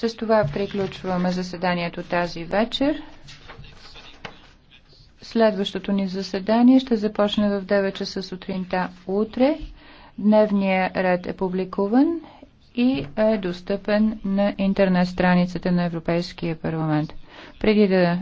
С това приключваме заседанието тази вечер. Следващото ни заседание ще започне в 9 часа сутринта утре. Дневният ред е публикуван и е достъпен на интернет страницата на Европейския парламент. Преди да